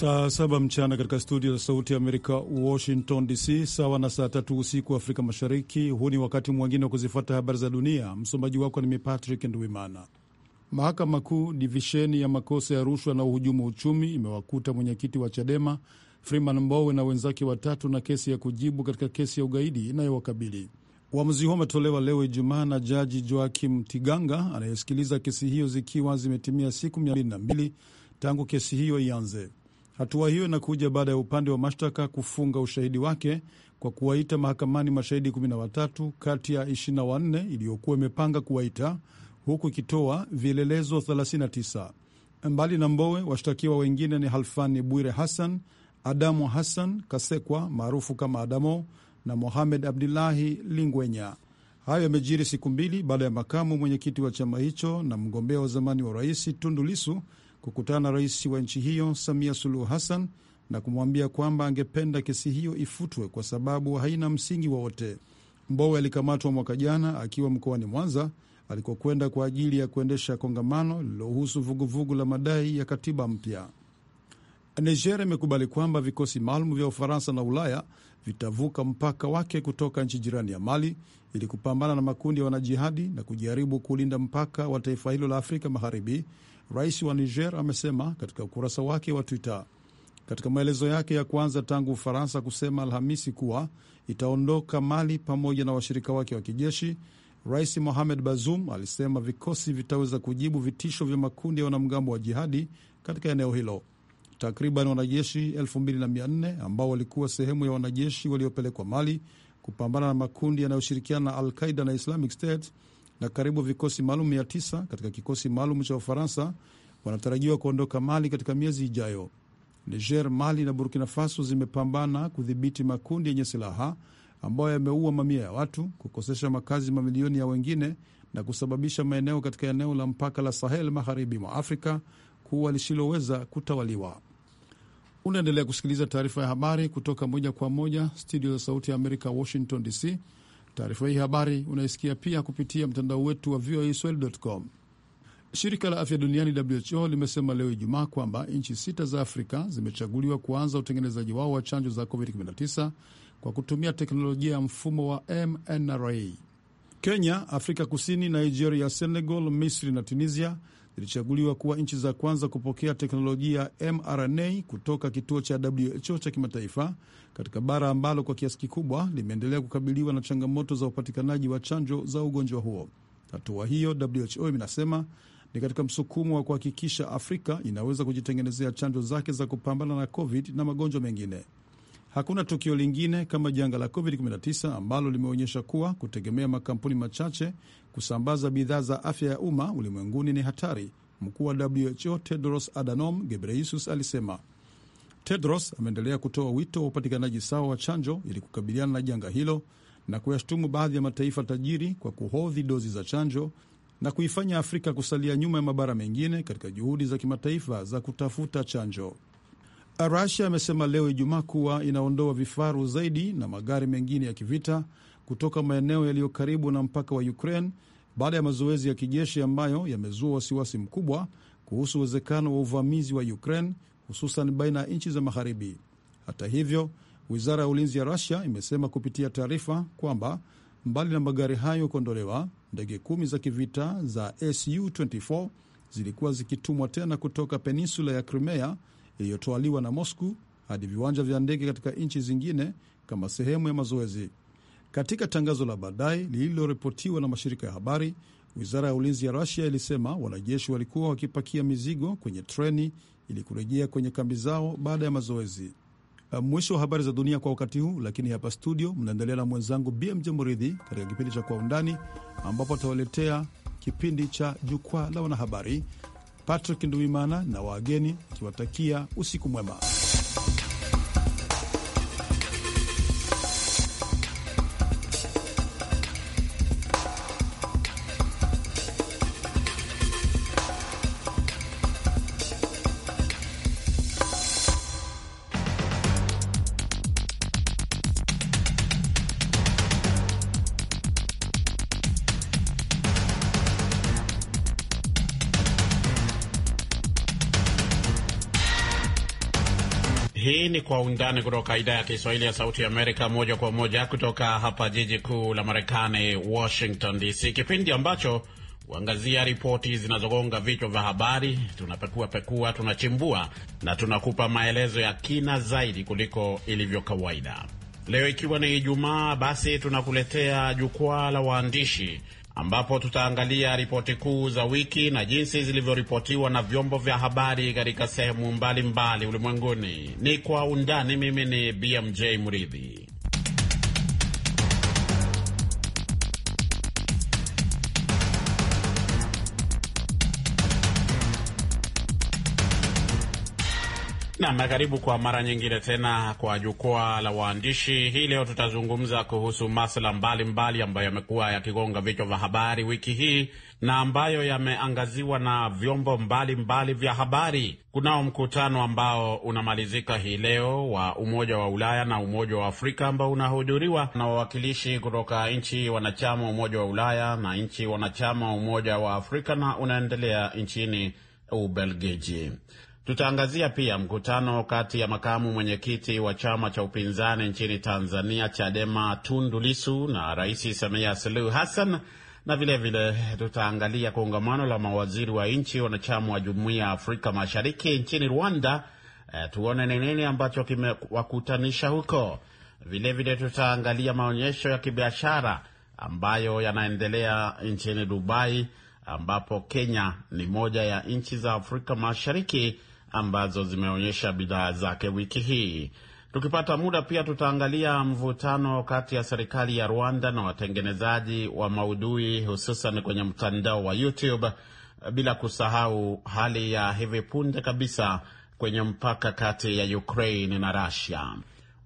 saa saba mchana katika studio za Sauti ya Amerika, Washington DC, sawa na saa tatu usiku Afrika Mashariki. Huu ni wakati mwingine wa kuzifuata habari za dunia. Msomaji wako ni mipatrick Patrick Ndwimana. Mahakama Kuu divisheni ya makosa ya rushwa na uhujumu uchumi imewakuta mwenyekiti wa CHADEMA Freeman Mbowe na wenzake watatu na kesi ya kujibu katika kesi ya ugaidi inayowakabili. Uamuzi huo umetolewa leo Ijumaa na Jaji Joakim Tiganga anayesikiliza kesi hiyo, zikiwa zimetimia siku mia mbili na mbili tangu kesi hiyo ianze. Hatua hiyo inakuja baada ya upande wa mashtaka kufunga ushahidi wake kwa kuwaita mahakamani mashahidi 13 kati ya 24 iliyokuwa imepanga kuwaita huku ikitoa vielelezo 39. Mbali na Mbowe, washtakiwa wengine ni Halfani Bwire Hassan, Adamu Hassan Kasekwa maarufu kama Adamo na Mohamed Abdullahi Lingwenya. Hayo yamejiri siku mbili baada ya makamu mwenyekiti wa chama hicho na mgombea wa zamani wa rais Tundu Lisu kukutana na rais wa nchi hiyo Samia Suluhu Hassan na kumwambia kwamba angependa kesi hiyo ifutwe kwa sababu haina msingi wowote. Mbowe alikamatwa mwaka jana akiwa mkoani Mwanza alikokwenda kwa ajili ya kuendesha kongamano lililohusu vuguvugu la madai ya katiba mpya. Niger imekubali kwamba vikosi maalum vya Ufaransa na Ulaya vitavuka mpaka wake kutoka nchi jirani ya Mali ili kupambana na makundi ya wanajihadi na kujaribu kulinda mpaka wa taifa hilo la Afrika Magharibi Rais wa Niger amesema katika ukurasa wake wa Twitter katika maelezo yake ya kwanza tangu Ufaransa kusema Alhamisi kuwa itaondoka Mali pamoja na washirika wake wa kijeshi. Rais Mohamed Bazoum alisema vikosi vitaweza kujibu vitisho vya makundi ya wanamgambo wa jihadi katika eneo hilo. Takriban wanajeshi 2400 ambao walikuwa sehemu ya wanajeshi waliopelekwa Mali kupambana na makundi yanayoshirikiana na Al Qaida na Islamic State na karibu vikosi maalum mia tisa katika kikosi maalum cha Ufaransa wanatarajiwa kuondoka Mali katika miezi ijayo. Niger, Mali na Burkina Faso zimepambana kudhibiti makundi yenye silaha ambayo yameua mamia ya watu, kukosesha makazi mamilioni ya wengine na kusababisha maeneo katika eneo la mpaka la Sahel magharibi mwa Afrika kuwa lisiloweza kutawaliwa. Unaendelea kusikiliza taarifa ya habari kutoka moja kwa moja studio za Sauti ya Amerika, Washington DC. Taarifa hii habari unaisikia pia kupitia mtandao wetu wa voaswahili.com. Shirika la afya duniani WHO limesema leo Ijumaa kwamba nchi sita za Afrika zimechaguliwa kuanza utengenezaji wao wa chanjo za COVID-19 kwa kutumia teknolojia ya mfumo wa mRNA. Kenya, Afrika Kusini, Nigeria, Senegal, Misri na Tunisia zilichaguliwa kuwa nchi za kwanza kupokea teknolojia mRNA kutoka kituo cha WHO cha kimataifa katika bara ambalo kwa kiasi kikubwa limeendelea kukabiliwa na changamoto za upatikanaji wa chanjo za ugonjwa huo. Hatua hiyo WHO inasema ni katika msukumo wa kuhakikisha Afrika inaweza kujitengenezea chanjo zake za kupambana na COVID na magonjwa mengine. Hakuna tukio lingine kama janga la COVID-19 ambalo limeonyesha kuwa kutegemea makampuni machache kusambaza bidhaa za afya ya umma ulimwenguni ni hatari, mkuu wa WHO Tedros Adhanom Ghebreyesus alisema. Tedros ameendelea kutoa wito wa upatikanaji sawa wa chanjo ili kukabiliana na janga hilo na kuyashutumu baadhi ya mataifa tajiri kwa kuhodhi dozi za chanjo na kuifanya Afrika kusalia nyuma ya mabara mengine katika juhudi za kimataifa za kutafuta chanjo. Rasia amesema leo Ijumaa kuwa inaondoa vifaru zaidi na magari mengine ya kivita kutoka maeneo yaliyo karibu na mpaka wa Ukraine baada ya mazoezi ya kijeshi ambayo yamezua wasiwasi mkubwa kuhusu uwezekano wa uvamizi wa Ukraine hususan baina ya nchi za magharibi. Hata hivyo, wizara ya ulinzi ya Rusia imesema kupitia taarifa kwamba mbali na magari hayo kuondolewa, ndege kumi za kivita za Su-24 zilikuwa zikitumwa tena kutoka peninsula ya Crimea yaliyotwaliwa na Mosku hadi viwanja vya ndege katika nchi zingine kama sehemu ya mazoezi. Katika tangazo la baadaye lililoripotiwa na mashirika ya habari, wizara ya ulinzi ya Rusia ilisema wanajeshi walikuwa wakipakia mizigo kwenye treni ili kurejea kwenye kambi zao baada ya mazoezi. Uh, mwisho wa habari za dunia kwa wakati huu, lakini hapa studio mnaendelea na mwenzangu BMJ Muridhi katika kipindi cha Kwa Undani, ambapo atawaletea kipindi cha Jukwaa la Wanahabari, Patrick Nduimana na wageni akiwatakia usiku mwema. Kwa Undani kutoka idhaa ya Kiswahili ya Sauti Amerika, moja kwa moja kutoka hapa jiji kuu la Marekani, Washington DC, kipindi ambacho huangazia ripoti zinazogonga vichwa vya habari. Tunapekua pekua, tunachimbua na tunakupa maelezo ya kina zaidi kuliko ilivyo kawaida. Leo ikiwa ni Ijumaa, basi tunakuletea jukwaa la waandishi ambapo tutaangalia ripoti kuu za wiki na jinsi zilivyoripotiwa na vyombo vya habari katika sehemu mbalimbali ulimwenguni. Ni kwa undani. Mimi ni BMJ Mridhi. Nam, karibu kwa mara nyingine tena kwa jukwaa la waandishi. Hii leo tutazungumza kuhusu masuala mbalimbali ambayo yamekuwa yakigonga vichwa vya habari wiki hii na ambayo yameangaziwa na vyombo mbalimbali mbali vya habari. Kunao mkutano ambao unamalizika hii leo wa Umoja wa Ulaya na Umoja wa Afrika ambao unahudhuriwa na wawakilishi kutoka nchi wanachama Umoja wa Ulaya na nchi wanachama Umoja wa Afrika na unaendelea nchini Ubelgiji. Tutaangazia pia mkutano kati ya makamu mwenyekiti wa chama cha upinzani nchini Tanzania Chadema Tundu Lisu na Rais Samia Suluhu Hassan na vilevile vile, tutaangalia kongamano la mawaziri wa nchi wanachama wa Jumuiya ya Afrika Mashariki nchini Rwanda. E, tuone ni nini ambacho kimewakutanisha huko. Vilevile vile tutaangalia maonyesho ya kibiashara ambayo yanaendelea nchini Dubai ambapo Kenya ni moja ya nchi za Afrika Mashariki ambazo zimeonyesha bidhaa zake wiki hii. Tukipata muda pia tutaangalia mvutano kati ya serikali ya Rwanda na watengenezaji wa maudhui hususan kwenye mtandao wa YouTube, bila kusahau hali ya hivi punde kabisa kwenye mpaka kati ya Ukraine na Russia.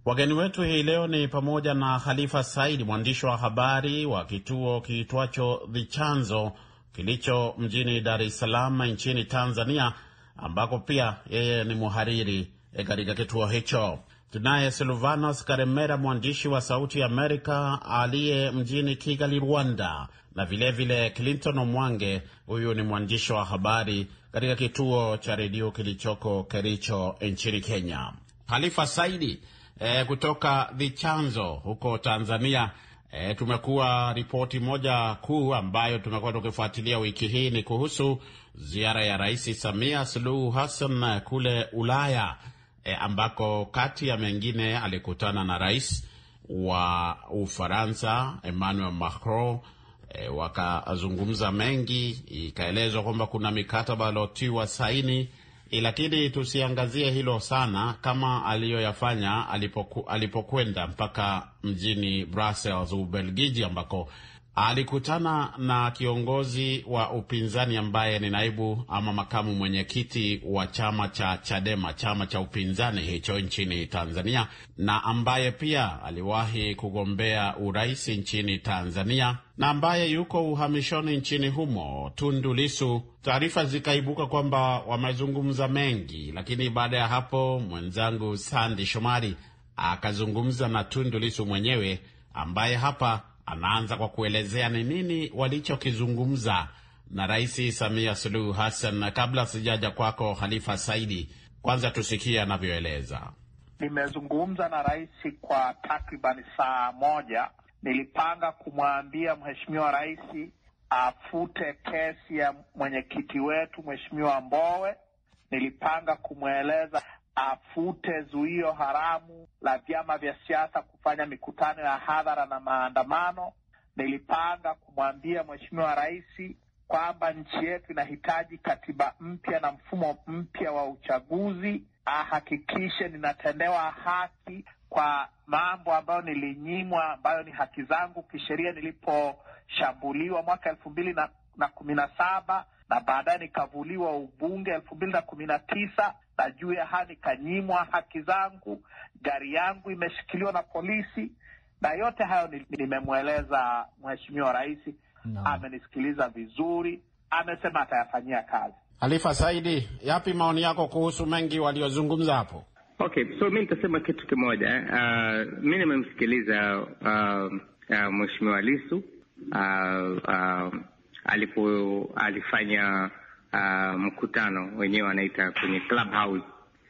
Wageni wetu hii leo ni pamoja na Khalifa Said, mwandishi wa habari wa kituo kiitwacho The Chanzo kilicho mjini Dar es Salaam nchini Tanzania ambako pia yeye ni mhariri e, katika kituo hicho. Tunaye Silvanos Karemera, mwandishi wa Sauti ya Amerika aliye mjini Kigali, Rwanda, na vilevile vile Clinton Omwange, huyu ni mwandishi wa habari katika kituo cha redio kilichoko Kericho nchini Kenya. Halifa Saidi eh, kutoka Vichanzo huko Tanzania E, tumekuwa ripoti moja kuu ambayo tumekuwa tukifuatilia wiki hii ni kuhusu ziara ya Rais Samia Suluhu Hassan kule Ulaya e, ambako kati ya mengine alikutana na rais wa Ufaransa Emmanuel Macron. E, wakazungumza mengi, ikaelezwa kwamba kuna mikataba aliotiwa saini Eh, lakini tusiangazie hilo sana kama aliyoyafanya alipoku, alipokwenda mpaka mjini Brussels, Ubelgiji ambako alikutana na kiongozi wa upinzani ambaye ni naibu ama makamu mwenyekiti wa chama cha Chadema, chama cha upinzani hicho nchini Tanzania, na ambaye pia aliwahi kugombea urais nchini Tanzania na ambaye yuko uhamishoni nchini humo, Tundu Lisu. Taarifa zikaibuka kwamba wamezungumza mengi, lakini baada ya hapo mwenzangu Sandi Shomari akazungumza na Tundu Lisu mwenyewe ambaye hapa anaanza kwa kuelezea ni nini walichokizungumza na Rais Samia Suluhu Hassan. Na kabla sijaja kwako Khalifa Saidi, kwanza tusikie anavyoeleza. Nimezungumza na rais kwa takribani saa moja. Nilipanga kumwambia mheshimiwa rais afute kesi ya mwenyekiti wetu mheshimiwa Mbowe. Nilipanga kumweleza afute zuio haramu la vyama vya siasa kufanya mikutano ya hadhara na maandamano. Nilipanga kumwambia Mheshimiwa Rais kwamba nchi yetu inahitaji katiba mpya na mfumo mpya wa uchaguzi, ahakikishe ninatendewa haki kwa mambo ambayo nilinyimwa, ambayo ni haki zangu kisheria niliposhambuliwa mwaka elfu mbili na kumi na saba na baadaye nikavuliwa ubunge elfu mbili na kumi na tisa najuu hadi kanyimwa haki zangu, gari yangu imeshikiliwa na polisi, na yote hayo nimemweleza mheshimiwa rais no. Amenisikiliza vizuri, amesema atayafanyia kazi. Halifa Saidi, yapi maoni yako kuhusu mengi waliozungumza hapo? Okay, so mi nitasema kitu kimoja. Eh. Uh, mi nimemsikiliza uh, uh, mheshimiwa Lisu uh, uh, alipo alifanya uh, mkutano wenyewe wanaita kwenye Clubhouse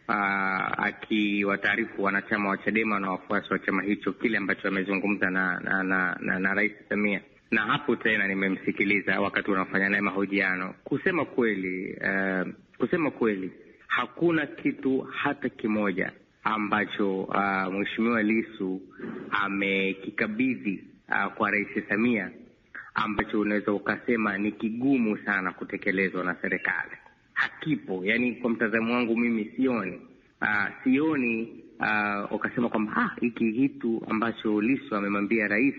uh, akiwataarifu wanachama wa Chadema na wafuasi wa chama hicho kile ambacho amezungumza na, na, na, na, na Rais Samia na hapo tena nimemsikiliza wakati unafanya naye mahojiano. Kusema kweli, uh, kusema kweli hakuna kitu hata kimoja ambacho uh, Mheshimiwa Lisu amekikabidhi uh, kwa Rais Samia ambacho unaweza ukasema ni kigumu sana kutekelezwa na serikali. Hakipo, yani kwa mtazamo wangu mimi sioni uh, sioni uh, ukasema kwamba ah, hiki kitu ambacho Lissu amemwambia rais,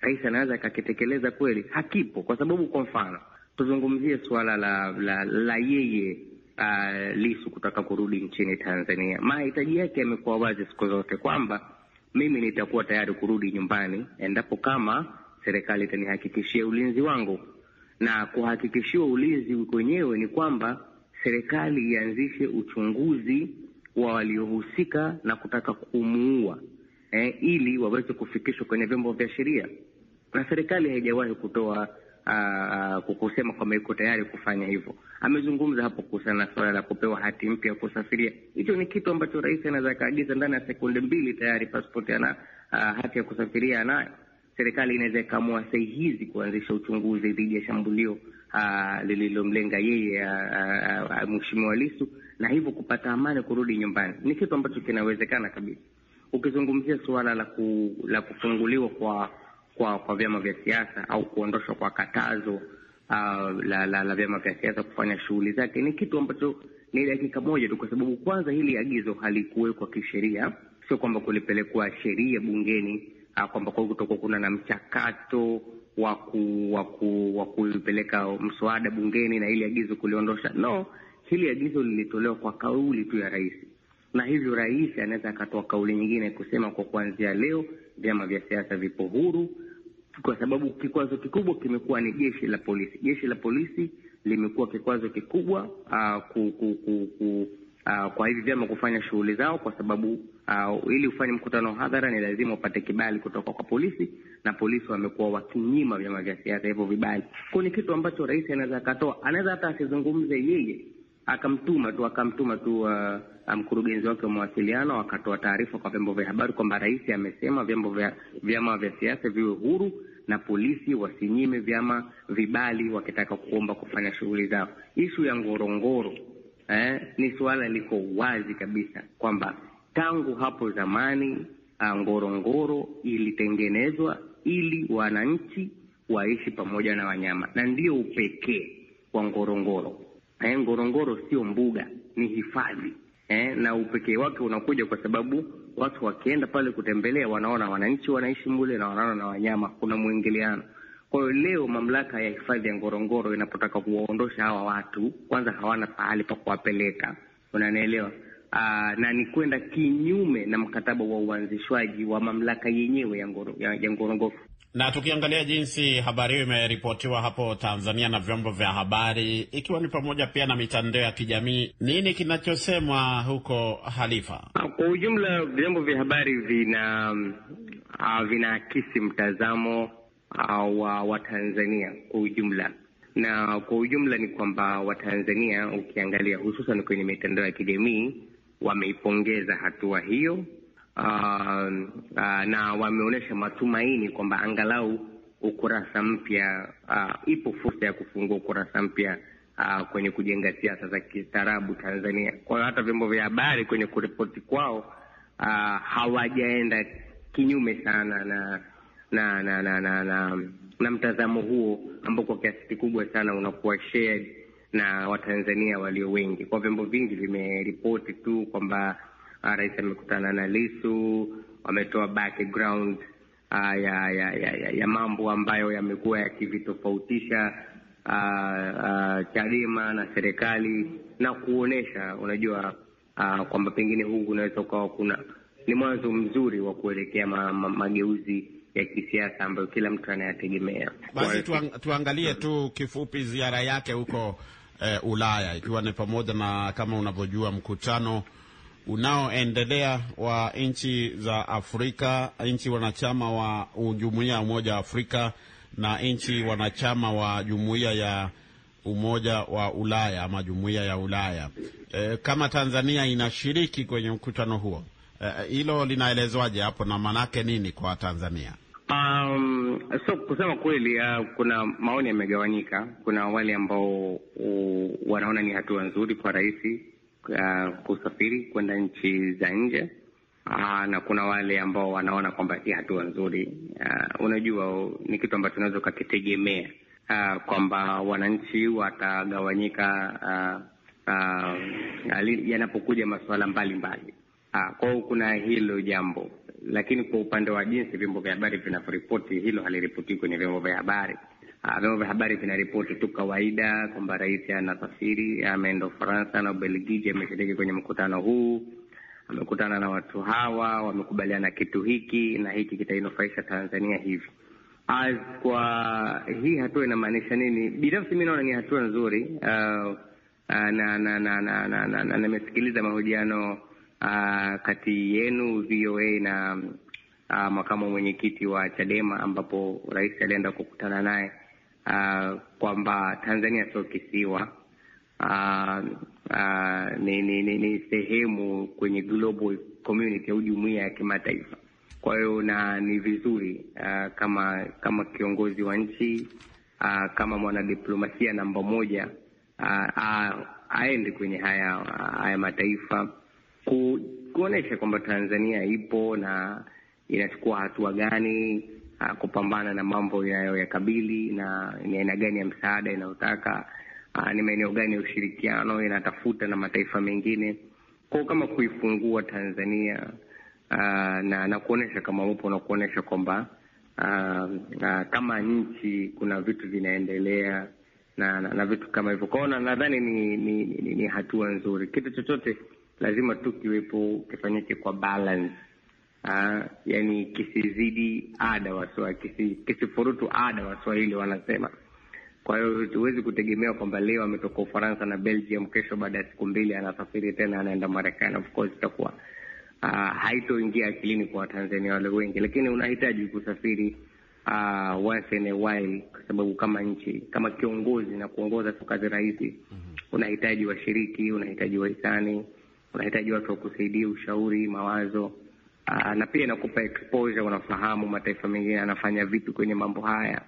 rais anaweza akakitekeleza kweli. Hakipo, kwa sababu kwa mfano tuzungumzie suala la, la, la yeye uh, Lissu kutaka kurudi nchini Tanzania. Mahitaji yake yamekuwa wazi siku zote kwamba mimi nitakuwa tayari kurudi nyumbani endapo kama serikali itanihakikishia ulinzi wangu. Na kuhakikishiwa ulinzi kwenyewe ni kwamba serikali ianzishe uchunguzi wa waliohusika na kutaka kumuua eh, ili waweze kufikishwa kwenye vyombo vya sheria, na serikali haijawahi kutoa ah, ah, kusema kwamba iko tayari kufanya hivyo. Amezungumza hapo kuhusiana na suala la kupewa hati mpya ya kusafiria. Hicho ni kitu ambacho rais anaweza akaagiza ndani ya sekunde mbili, tayari paspoti ana ah, hati ya kusafiria anayo serikali inaweza ikaamua sahi hizi kuanzisha uchunguzi dhidi ya shambulio ah, lililomlenga yeye ah, ah, Mheshimiwa Lisu na hivyo kupata amani kurudi nyumbani. Ni kitu ambacho kinawezekana kabisa. Ukizungumzia suala la, ku, la kufunguliwa kwa kwa kwa vyama vya siasa au kuondoshwa kwa katazo uh, la, la, la vyama vya siasa kufanya shughuli zake ni kitu ambacho ni dakika moja tu, kwa sababu kwanza hili agizo halikuwekwa kisheria. Sio kwamba kulipelekwa sheria bungeni Ah, kwamba kwa kuna na mchakato wa wa kuipeleka mswada bungeni na ili agizo kuliondosha. No, hili agizo lilitolewa kwa kauli tu ya rais, na hivyo rais anaweza akatoa kauli nyingine kusema kwa kuanzia leo vyama vya siasa vipo huru, kwa sababu kikwazo kikubwa kimekuwa ni jeshi la polisi. Jeshi la polisi limekuwa kikwazo kikubwa uh, ku, ku, ku, ku, uh, kwa hivi vyama kufanya shughuli zao kwa sababu uh, ili ufanye mkutano wa hadhara ni lazima upate kibali kutoka kwa polisi, na polisi wamekuwa wakinyima vyama vya siasa hivyo vibali. Kwa ni kitu ambacho rais anaweza akatoa, anaweza hata asizungumze yeye, akamtuma tu akamtuma tu uh, mkurugenzi wake wa mawasiliano akatoa taarifa kwa vyombo vya habari kwamba rais amesema vyombo vya vyama vya siasa viwe huru na polisi wasinyime vyama vibali wakitaka kuomba kufanya shughuli zao. Ishu ya Ngorongoro eh, ni suala liko wazi kabisa kwamba Tangu hapo zamani ah, Ngorongoro ilitengenezwa ili wananchi waishi pamoja na wanyama, na ndiyo upekee wa Ngorongoro. Eh, Ngorongoro sio mbuga, ni hifadhi eh, na upekee wake unakuja kwa sababu watu wakienda pale kutembelea wanaona wananchi wanaishi mule na wanaona na wanyama, kuna mwingiliano. Kwa hiyo leo mamlaka ya hifadhi ya Ngorongoro inapotaka kuwaondosha hawa watu, kwanza hawana pahali pa kuwapeleka, unanielewa? aa, ah, na ni kwenda kinyume na mkataba wa uanzishwaji wa mamlaka yenyewe ya, ngoro, ya, ya Ngorongoro. Na tukiangalia jinsi habari hiyo imeripotiwa hapo Tanzania na vyombo vya habari, ikiwa ni pamoja pia na mitandao ya kijamii, nini kinachosemwa huko Halifa? Ah, kwa ujumla, vyombo vya habari vina uh, vinaakisi mtazamo uh, wa Watanzania kwa ujumla na kwa ujumla ni kwamba Watanzania ukiangalia hususan kwenye mitandao ya kijamii wameipongeza hatua hiyo uh, uh, na wameonyesha matumaini kwamba angalau ukurasa mpya uh, ipo fursa ya kufungua ukurasa mpya uh, kwenye kujenga siasa za kistaarabu Tanzania. Kwa hiyo hata vyombo vya habari kwenye kuripoti kwao uh, hawajaenda kinyume sana na na na na na, na, na mtazamo huo ambao kwa kiasi kikubwa sana unakuwa shared na Watanzania walio wengi. Kwa vyombo vingi vimeripoti tu kwamba rais amekutana na Lisu, wametoa background ya, ya, ya, ya, ya mambo ambayo yamekuwa yakivitofautisha Chadema na serikali na kuonyesha unajua Uh, kwamba pengine huu unaweza ukawa kuna ni mwanzo mzuri wa kuelekea ma, ma, mageuzi ya kisiasa ambayo kila mtu anayategemea. Basi tuang, tuangalie tu kifupi ziara yake huko e, Ulaya, ikiwa ni pamoja na kama unavyojua mkutano unaoendelea wa nchi za Afrika, nchi wanachama wa jumuiya ya Umoja wa Afrika na nchi wanachama wa jumuiya ya Umoja wa Ulaya ama jumuiya ya Ulaya. E, kama Tanzania inashiriki kwenye mkutano huo eh, hilo e, linaelezwaje hapo na maanake nini kwa Tanzania? Um, so kusema kweli, uh, kuna maoni yamegawanyika. Kuna wale ambao uh, wanaona ni hatua nzuri kwa rais uh, kusafiri kwenda nchi za nje uh, na kuna wale ambao wanaona kwamba si hatua nzuri uh, unajua ni kitu ambacho unaweza ukakitegemea uh, kwamba wananchi watagawanyika uh, uh, yanapokuja masuala mbalimbali uh, kwao kuna hilo jambo lakini kwa upande wa jinsi vyombo vya habari vinavyoripoti, hilo haliripotii kwenye vyombo vya habari. Vyombo vya habari vinaripoti tu kawaida kwamba rais anasafiri, ameenda Ufaransa na Ubelgiji, ameshiriki kwenye mkutano huu, amekutana na watu hawa, wamekubaliana kitu hiki na hiki kitainufaisha Tanzania hivi. As kwa hii hatua inamaanisha nini? Binafsi mi naona ni hatua nzuri. Uh, uh, na na na na, na, na, na, na nimesikiliza mahojiano uh, kati yenu VOA na uh, makamu mwenyekiti wa Chadema ambapo rais alienda kukutana naye uh, kwamba Tanzania sio kisiwa uh, uh, ni, ni, ni, ni sehemu kwenye global community au jumuiya ya kimataifa. Kwa hiyo na ni vizuri uh, kama kama kiongozi wa nchi uh, kama mwanadiplomasia namba moja uh, uh, aende kwenye haya uh, haya mataifa kuonesha kuonyesha kwamba Tanzania ipo na inachukua hatua gani uh, kupambana na mambo yanayoyakabili na ni aina gani ya msaada inayotaka uh, ni maeneo gani ya ushirikiano inatafuta na mataifa mengine kwao, kama kuifungua Tanzania uh, na, na kuonyesha kama upo na kuonesha kwamba uh, uh, kama nchi kuna vitu vinaendelea na, na, na vitu kama hivyo kwao, nadhani ni, ni, ni, ni hatua nzuri. Kitu chochote lazima tu kiwepo, kifanyike kwa balance ha, ah, yani kisizidi ada waswa, kisi, kisifurutu ada waswahili wanasema. Kwa hiyo huwezi kutegemea kwamba leo ametoka Ufaransa na Belgium, kesho baada ya siku mbili anasafiri tena anaenda Marekani. Of course itakuwa ah, haitoingia akilini kwa Watanzania wale wengi, lakini unahitaji kusafiri uh, once in a while, kwa sababu kama nchi kama kiongozi na kuongoza sio kazi rahisi. mm -hmm. Unahitaji washiriki, unahitaji wahisani unahitaji watu wakusaidia, ushauri, mawazo aa, ah, na pia inakupa exposure, unafahamu mataifa mengine anafanya vitu kwenye mambo haya.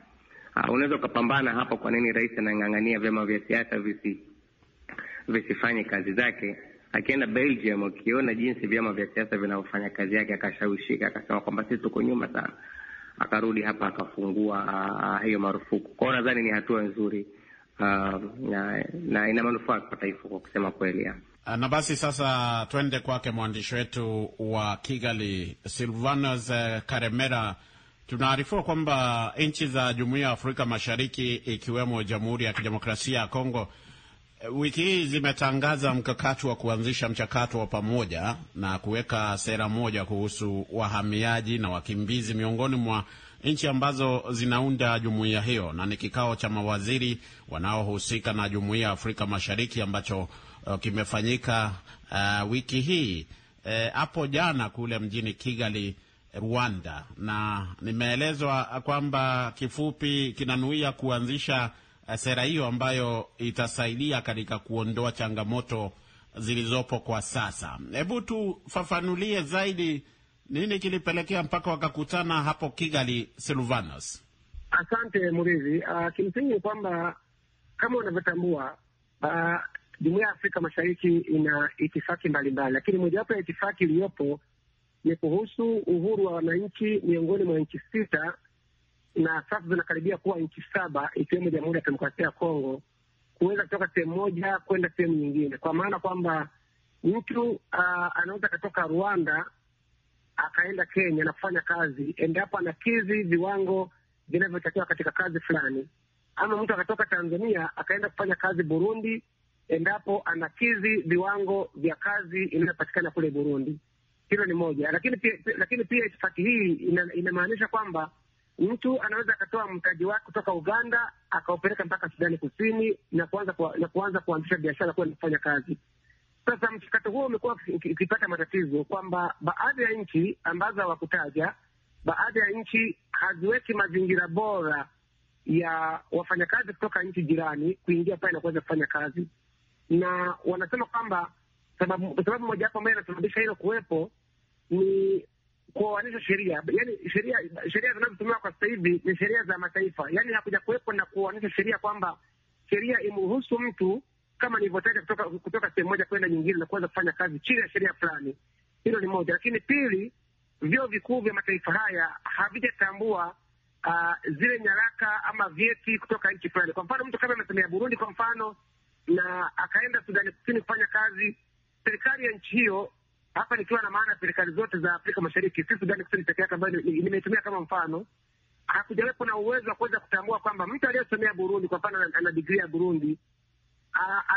Ah, unaweza ukapambana hapa, kwa nini rais anang'ang'ania vyama vya siasa visi visifanye kazi zake? Akienda Belgium, akiona jinsi vyama vya siasa vinavyofanya kazi yake, akashawishika, akasema kwamba sisi tuko nyuma sana, akarudi hapa akafungua ah, hiyo marufuku kwao. Nadhani ni hatua nzuri uh, na, na ina manufaa kwa taifa kwa kusema kweli hapa. Eh, na basi sasa twende kwake mwandishi wetu wa Kigali, Silvanus eh, Karemera. Tunaarifiwa kwamba nchi za Jumuiya ya Afrika Mashariki ikiwemo Jamhuri ya Kidemokrasia ya Kongo eh, wiki hii zimetangaza mkakati wa kuanzisha mchakato wa pamoja na kuweka sera moja kuhusu wahamiaji na wakimbizi miongoni mwa nchi ambazo zinaunda jumuiya hiyo, na ni kikao cha mawaziri wanaohusika na Jumuiya ya Afrika Mashariki ambacho Eh, kimefanyika uh, wiki hii eh, hapo jana kule mjini Kigali, Rwanda, na nimeelezwa kwamba kifupi kinanuia kuanzisha sera hiyo ambayo itasaidia katika kuondoa changamoto zilizopo kwa sasa. Hebu tufafanulie zaidi nini kilipelekea mpaka wakakutana hapo Kigali, Silvanos? Asante Murizi. Uh, ah, kimsingi ni kwamba kama unavyotambua uh, Jumuiya ya Afrika Mashariki ina itifaki mbalimbali, lakini mojawapo ya itifaki iliyopo ni kuhusu uhuru wa wananchi miongoni mwa nchi sita na sasa zinakaribia kuwa nchi saba ikiwemo Jamhuri ya Demokrasia ya Kongo kuweza kutoka sehemu moja kwenda sehemu nyingine, kwa maana kwamba mtu uh, anaweza akatoka Rwanda akaenda Kenya na kufanya kazi endapo anakidhi viwango vinavyotakiwa katika kazi fulani, ama mtu akatoka Tanzania akaenda kufanya kazi Burundi endapo anakidhi viwango vya kazi inayopatikana kule Burundi. Hilo ni moja, lakini pia, lakini pia itifaki hii inamaanisha kwamba mtu anaweza akatoa mtaji wake kutoka Uganda akaupeleka mpaka Sudani Kusini na kuanza kwa, na kuanza kuanzisha biashara kuwa na kazi. Sasa mchakato huo umekuwa ukipata matatizo kwamba baadhi ya nchi ambazo hawakutaja, baadhi ya nchi haziweki mazingira bora ya wafanyakazi kutoka nchi jirani kuingia pale na kuweza kufanya kazi na wanasema kwamba sababu sababu moja mojawapo ambayo inasababisha hilo kuwepo ni kuoanisha sheria, yani sheria sheria zinazotumiwa kwa sasa hivi ni sheria za mataifa, yani hakuja kuwepo na kuoanisha sheria kwamba sheria imruhusu mtu kama nilivyotaja kutoka kutoka sehemu moja kwenda nyingine na kuweza kufanya kazi chini ya sheria fulani. Hilo ni moja, lakini pili, vyuo vikuu vya mataifa haya havijatambua uh, zile nyaraka ama vyeti kutoka nchi fulani. Kwa mfano mtu kama amesomea Burundi, kwa mfano na akaenda Sudani Kusini kufanya kazi. Serikali ya nchi hiyo hapa nikiwa na maana serikali zote za Afrika Mashariki, si Sudani Kusini peke yake ambayo nimeitumia kama mfano, hakujawepo na uwezo wa kuweza kutambua kwamba mtu aliyesomea Burundi kwa mfano ana digri ya Burundi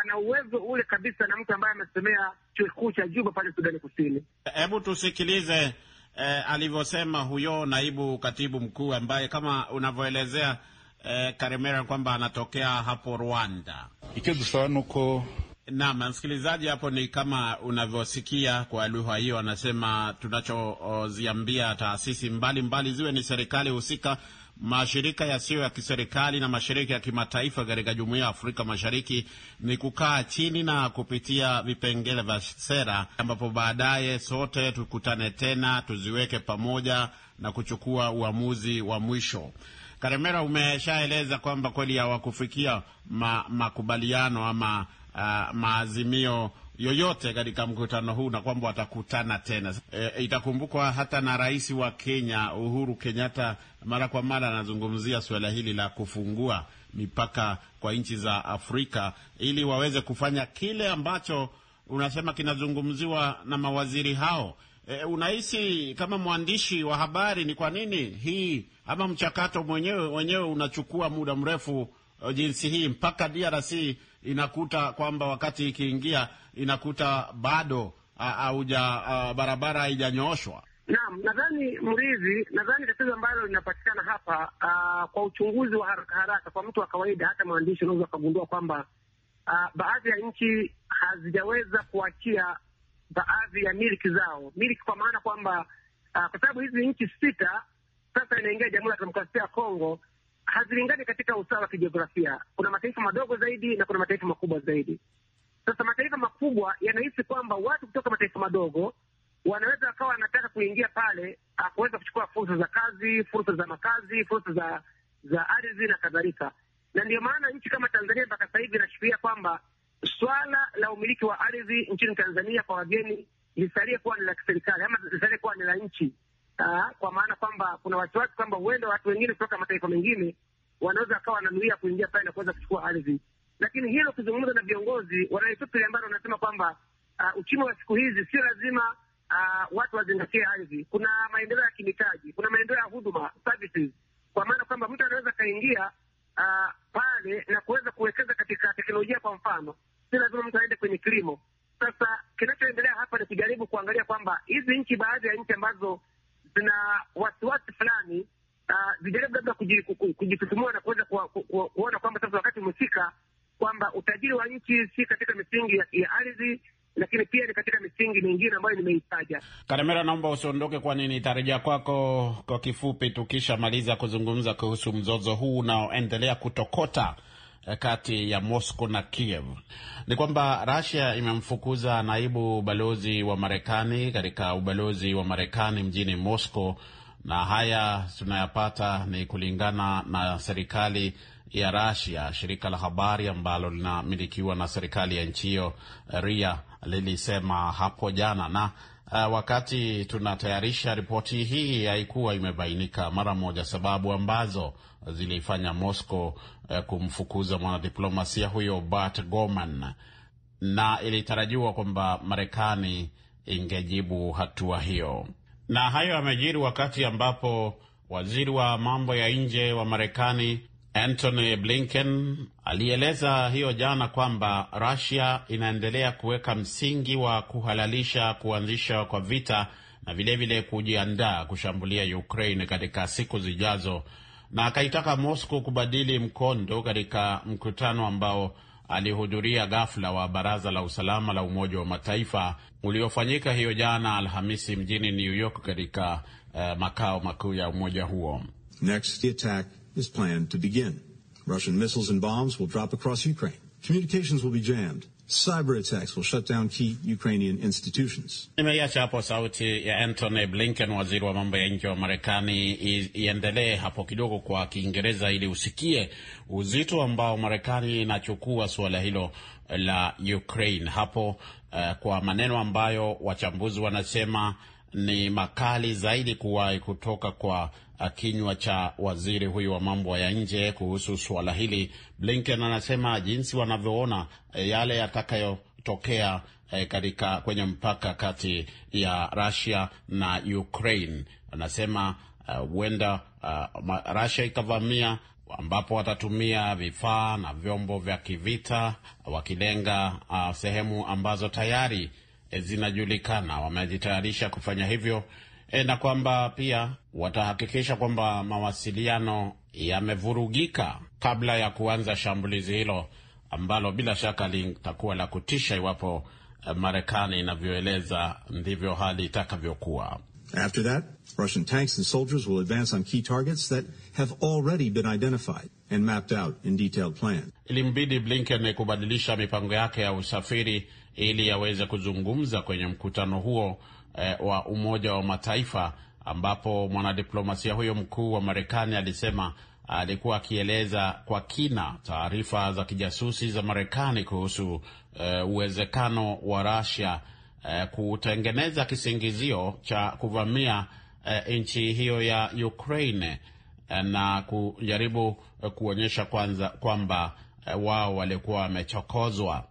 ana uwezo ule kabisa na mtu ambaye amesomea chuo kikuu cha Juba pale Sudani Kusini. Hebu tusikilize eh, alivyosema huyo naibu katibu mkuu ambaye kama unavyoelezea eh, Karemera kwamba anatokea hapo Rwanda. Naam, msikilizaji, hapo ni kama unavyosikia kwa lugha hiyo, anasema tunachoziambia taasisi mbalimbali ziwe ni serikali husika, mashirika yasiyo ya kiserikali na mashirika ya kimataifa katika jumuiya ya Afrika Mashariki ni kukaa chini na kupitia vipengele vya sera, ambapo baadaye sote tukutane tena tuziweke pamoja na kuchukua uamuzi wa mwisho. Karemera, umeshaeleza kwamba kweli hawakufikia ma, makubaliano ama uh, maazimio yoyote katika mkutano huu na kwamba watakutana tena. E, itakumbukwa hata na rais wa Kenya Uhuru Kenyatta mara kwa mara anazungumzia suala hili la kufungua mipaka kwa nchi za Afrika ili waweze kufanya kile ambacho unasema kinazungumziwa na mawaziri hao E, unahisi kama mwandishi wa habari ni kwa nini hii ama mchakato mwenyewe wenyewe unachukua muda mrefu e, jinsi hii mpaka DRC inakuta kwamba wakati ikiingia inakuta bado auja barabara haijanyooshwa? Naam, nadhani mrizi, nadhani tatizo ambalo linapatikana hapa aa, kwa uchunguzi wa haraka haraka kwa mtu wa kawaida, hata mwandishi unaweza ukagundua kwamba baadhi ya nchi hazijaweza kuachia baadhi ya miliki zao, miliki kwa maana kwamba uh, kwa sababu hizi nchi sita sasa inaingia Jamhuri ya Kidemokrasia ya Kongo hazilingani katika usawa wa kijiografia. Kuna mataifa madogo zaidi na kuna mataifa makubwa zaidi. Sasa mataifa makubwa yanahisi kwamba watu kutoka mataifa madogo wanaweza wakawa wanataka kuingia pale ah, kuweza kuchukua fursa za kazi, fursa za makazi, fursa za za ardhi na kadhalika, na ndio maana nchi kama Tanzania mpaka sasa hivi inashikilia kwamba swala la umiliki wa ardhi nchini Tanzania kwa wageni lisalie kuwa ni la kiserikali ama lisalie kuwa ni la nchi. Aa, ah, kwa maana kwamba kuna wasiwasi kwamba huenda watu wengine kutoka mataifa mengine wanaweza wakawa wananuia kuingia pale na kuweza kuchukua ardhi, lakini hilo ukizungumza na viongozi wanaitupili ambalo wanasema kwamba uh, uchumi wa siku hizi sio lazima uh, watu wazingatie ardhi. Kuna maendeleo ya kimitaji, kuna maendeleo ya huduma services, kwa maana kwamba mtu anaweza akaingia uh, pale na kuweza kuwekeza katika teknolojia, kwa mfano si lazima mtu aende kwenye kilimo. Sasa kinachoendelea hapa ni kujaribu kuangalia kwamba hizi nchi, baadhi ya nchi ambazo zina wasiwasi fulani uh, zijaribu labda kujitutumua na kuweza kuona ku, ku, kwamba sasa wakati umefika kwamba utajiri wa nchi si katika misingi ya, ya ardhi lakini pia ni katika misingi mingine ambayo nimeitaja. Karemera, naomba usiondoke, kwani nitarejea kwako kwa kifupi tukishamaliza kuzungumza kuhusu mzozo huu unaoendelea kutokota Eh, kati ya Moscow na Kiev ni kwamba Russia imemfukuza naibu balozi wa Marekani katika ubalozi wa Marekani mjini Moscow, na haya tunayapata ni kulingana na serikali ya Russia. Shirika la habari ambalo linamilikiwa na serikali ya nchi hiyo, eh, RIA, lilisema hapo jana na uh, wakati tunatayarisha ripoti hii haikuwa imebainika mara moja sababu ambazo ziliifanya Moscow uh, kumfukuza mwanadiplomasia huyo Bart Goman, na ilitarajiwa kwamba Marekani ingejibu hatua hiyo. Na hayo yamejiri wakati ambapo waziri wa mambo ya nje wa Marekani Antony Blinken alieleza hiyo jana kwamba Russia inaendelea kuweka msingi wa kuhalalisha kuanzisha kwa vita na vilevile kujiandaa kushambulia Ukraine katika siku zijazo, na akaitaka Moscow kubadili mkondo katika mkutano ambao alihudhuria ghafla wa Baraza la Usalama la Umoja wa Mataifa uliofanyika hiyo jana Alhamisi mjini New York katika uh, makao makuu ya umoja huo. Next, the attack is planned to begin. Russian missiles and bombs will drop across Ukraine. Communications will be jammed. Cyber attacks will shut down key Ukrainian institutions. Nimeiacha hapo sauti ya Antony Blinken, waziri wa mambo ya nje wa Marekani. Iendelee hapo kidogo kwa Kiingereza ili usikie uzito ambao Marekani inachukua suala hilo la Ukraine hapo, uh, kwa maneno ambayo wachambuzi wanasema ni makali zaidi kuwahi kutoka kwa uh, kinywa cha waziri huyu wa mambo ya nje kuhusu suala hili. Blinken anasema jinsi wanavyoona uh, yale yatakayotokea uh, katika kwenye mpaka kati ya Russia na Ukraine anasema huenda uh, uh, Russia ikavamia, ambapo watatumia vifaa na vyombo vya kivita wakilenga uh, sehemu ambazo tayari Eh, zinajulikana, wamejitayarisha kufanya hivyo e, na kwamba pia watahakikisha kwamba mawasiliano yamevurugika kabla ya kuanza shambulizi hilo ambalo bila shaka litakuwa la kutisha iwapo eh, Marekani inavyoeleza ndivyo hali itakavyokuwa. After that, Russian tanks and soldiers will advance on key targets that have already been identified and mapped out in detailed plans. Ilimbidi Blinken kubadilisha mipango yake ya usafiri ili aweze kuzungumza kwenye mkutano huo eh, wa Umoja wa Mataifa ambapo mwanadiplomasia huyo mkuu wa Marekani alisema alikuwa akieleza kwa kina taarifa za kijasusi za Marekani kuhusu eh, uwezekano wa Russia eh, kutengeneza kisingizio cha kuvamia eh, nchi hiyo ya Ukraine Eh, na kujaribu eh, kuonyesha kwanza kwamba eh, wao walikuwa wamechokozwa.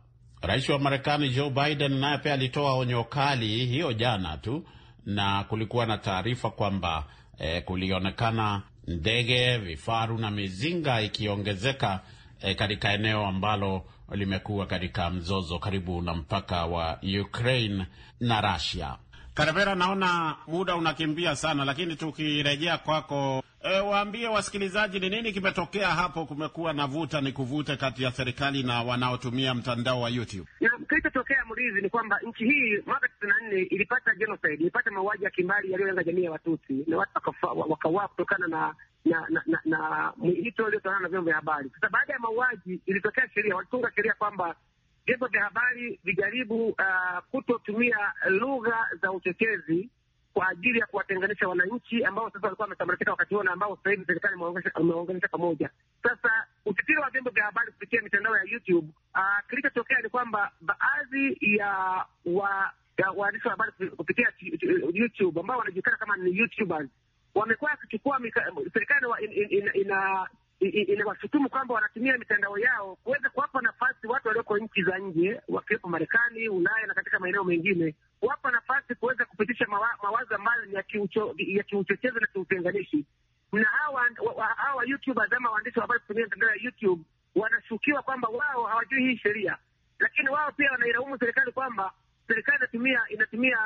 Rais wa Marekani Joe Biden naye pia alitoa onyo kali hiyo jana tu, na kulikuwa na taarifa kwamba e, kulionekana ndege, vifaru na mizinga ikiongezeka e, katika eneo ambalo limekuwa katika mzozo karibu na mpaka wa Ukraine na Russia. Karevera, naona muda unakimbia sana, lakini tukirejea kwako E, waambie wasikilizaji ni nini kimetokea hapo. Kumekuwa na vuta ni kuvute kati ya serikali na wanaotumia mtandao wa YouTube kilichotokea mrizi ni kwamba nchi hii mwaka tisini na nne ilipata genocide, ilipata mauaji ya kimbali yaliyolenga jamii ya Watusi na watu wakawaa kutokana na na na na, na mwito uliotokana na vyombo vya habari. Sasa baada ya mauaji ilitokea sheria, walitunga sheria kwamba vyombo vya habari vijaribu uh, kutotumia lugha za uchochezi kwa ajili ya kuwatenganisha wananchi ambao sasa walikuwa wamesambaratika wakati huo na ambao sasa hivi serikali imewaunganisha pamoja. Sasa utitiri wa vyombo vya habari kupitia mitandao ya YouTube, uh, kilichotokea ni kwamba baadhi ya wa waandishi wa habari kupitia YouTube ambao wanajulikana kama ni YouTubers wamekuwa wakichukua serikali ina inawashutumu kwamba wanatumia mitandao yao kuweza kuwapa nafasi watu walioko nchi za nje wakiwepo Marekani, Ulaya na katika maeneo mengine kuwapa nafasi kuweza kupitisha mawa, mawazo ambayo ni ya kiuchochezi na kiutenganishi. Na hawa hawa YouTubers ama waandishi wa habari kutumia mtandao ya YouTube wanashukiwa kwamba wao hawajui hii sheria, lakini wao pia wanailaumu serikali kwamba serikali inatumia inatumia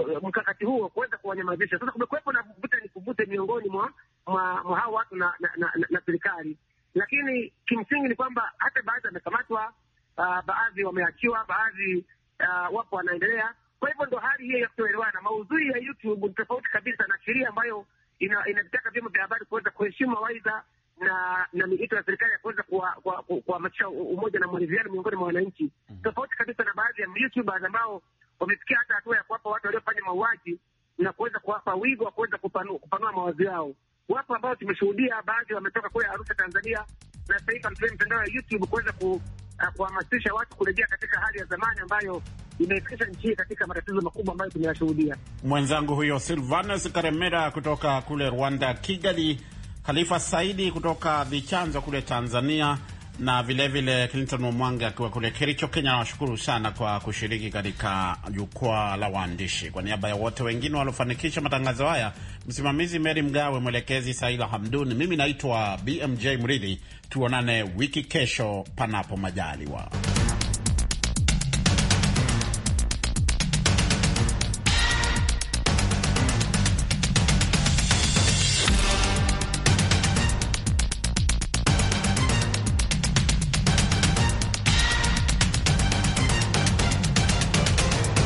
uh, mkakati huo kuweza kuwanyamazisha. Sasa kumekuwepo na vuta ni kuvute miongoni mwa mwa hao watu na na serikali, lakini kimsingi ni kwamba hata baadhi wamekamatwa, uh, baadhi wameachiwa, baadhi uh, wapo wanaendelea. Kwa hivyo ndo hali hiyo ya kutoelewana. Maudhui ya YouTube ni tofauti kabisa na sheria ambayo inavitaka vyombo vya habari kuweza kuheshimu mawaidha na na miito ya serikali ya kuweza kuhamasisha umoja na maridhiano miongoni mwa wananchi, mhm. tofauti kabisa na baadhi ya YouTubers ambao wamefikia hata hatua ya kuwapa watu waliofanya mauaji na kuweza kuwapa wigo wa kuweza kupanua kupanua mawazo yao. Wapo ambao tumeshuhudia baadhi wametoka kule Arusha, Tanzania, na sasa hivi mtandao ya YouTube kuweza ku uh, kuhamasisha watu kurejea katika hali ya zamani ambayo imefikisha nchi hii katika matatizo makubwa ambayo tumeyashuhudia. Mwenzangu huyo Silvanus Karemera kutoka kule Rwanda, Kigali, Khalifa Saidi kutoka Vichanzo kule Tanzania na vilevile vile Clinton Omwange akiwa kule Kericho, Kenya. Nawashukuru sana kwa kushiriki katika jukwaa la waandishi. Kwa niaba ya wote wengine waliofanikisha matangazo haya, msimamizi Meri Mgawe, mwelekezi Saila Hamdun, mimi naitwa BMJ Mridhi. Tuonane wiki kesho, panapo majaliwa.